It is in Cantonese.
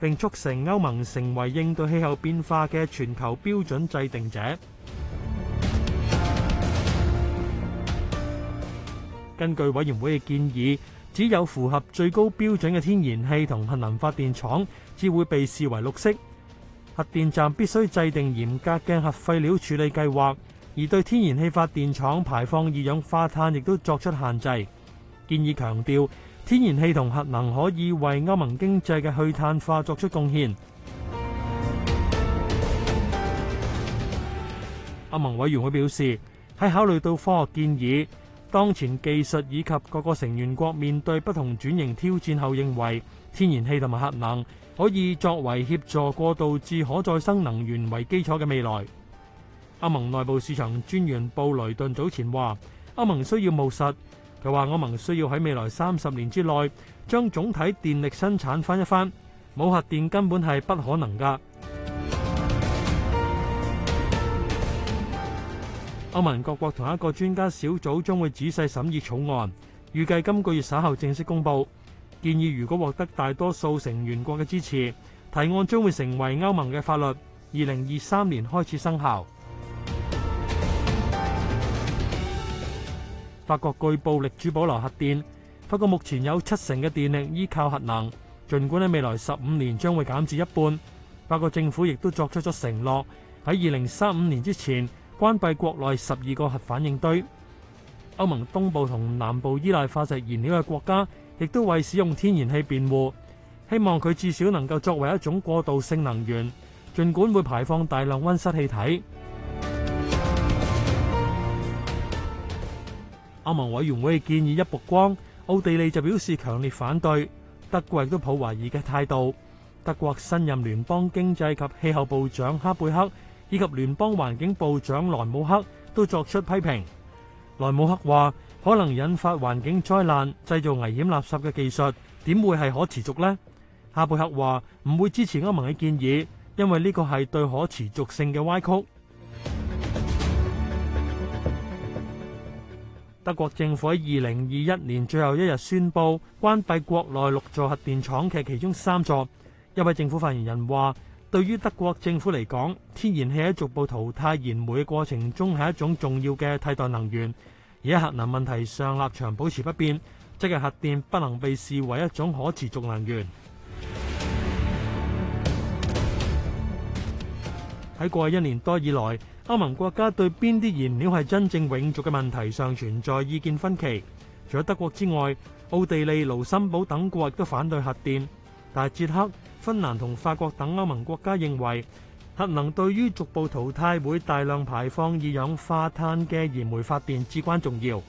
並促成歐盟成為應對氣候變化嘅全球標準制定者。根據委員會嘅建議，只有符合最高標準嘅天然氣同核能發電廠，至會被視為綠色。核電站必須制定嚴格嘅核廢料處理計劃，而對天然氣發電廠排放二氧化碳亦都作出限制。建議強調，天然氣同核能可以為歐盟經濟嘅去碳化作出貢獻。歐盟委員會表示，喺考慮到科學建議、當前技術以及各個成員國面對不同轉型挑戰後，認為天然氣同埋核能可以作為協助過渡至可再生能源為基礎嘅未來。歐盟內部市場專員布雷頓早前話：歐盟需要務實。佢話：歐盟需要喺未來三十年之內將總體電力生產翻一番，冇核電根本係不可能㗎。歐盟各國同一個專家小組將會仔細審議草案，預計今個月稍後正式公佈。建議如果獲得大多數成員國嘅支持，提案將會成為歐盟嘅法律，二零二三年開始生效。法國據報力主保留核電。法國目前有七成嘅電力依靠核能，儘管未來十五年將會減至一半。法國政府亦都作出咗承諾，喺二零三五年之前關閉國內十二個核反應堆。歐盟東部同南部依賴化石燃料嘅國家，亦都為使用天然氣辯護，希望佢至少能夠作為一種過渡性能源，儘管會排放大量溫室氣體。歐盟委員會建議一曝光，奧地利就表示強烈反對，德國亦都抱懷疑嘅態度。德國新任聯邦經濟及氣候部長哈貝克以及聯邦環境部長萊姆克都作出批評。萊姆克話：可能引發環境災難、製造危險垃圾嘅技術，點會係可持續呢？哈貝克話：唔會支持歐盟嘅建議，因為呢個係對可持續性嘅歪曲。德國政府喺二零二一年最後一日宣布關閉國內六座核電廠嘅其中三座。一位政府發言人話，對於德國政府嚟講，天然氣喺逐步淘汰燃煤嘅過程中係一種重要嘅替代能源，而喺核能問題上立場保持不變，即係核電不能被視為一種可持續能源。喺過去一年多以來，歐盟國家對邊啲燃料係真正永續嘅問題上存在意見分歧。除咗德國之外，奧地利、盧森堡等國亦都反對核電，但係捷克、芬蘭同法國等歐盟國家認為核能對於逐步淘汰會大量排放二氧化碳嘅燃煤發電至關重要。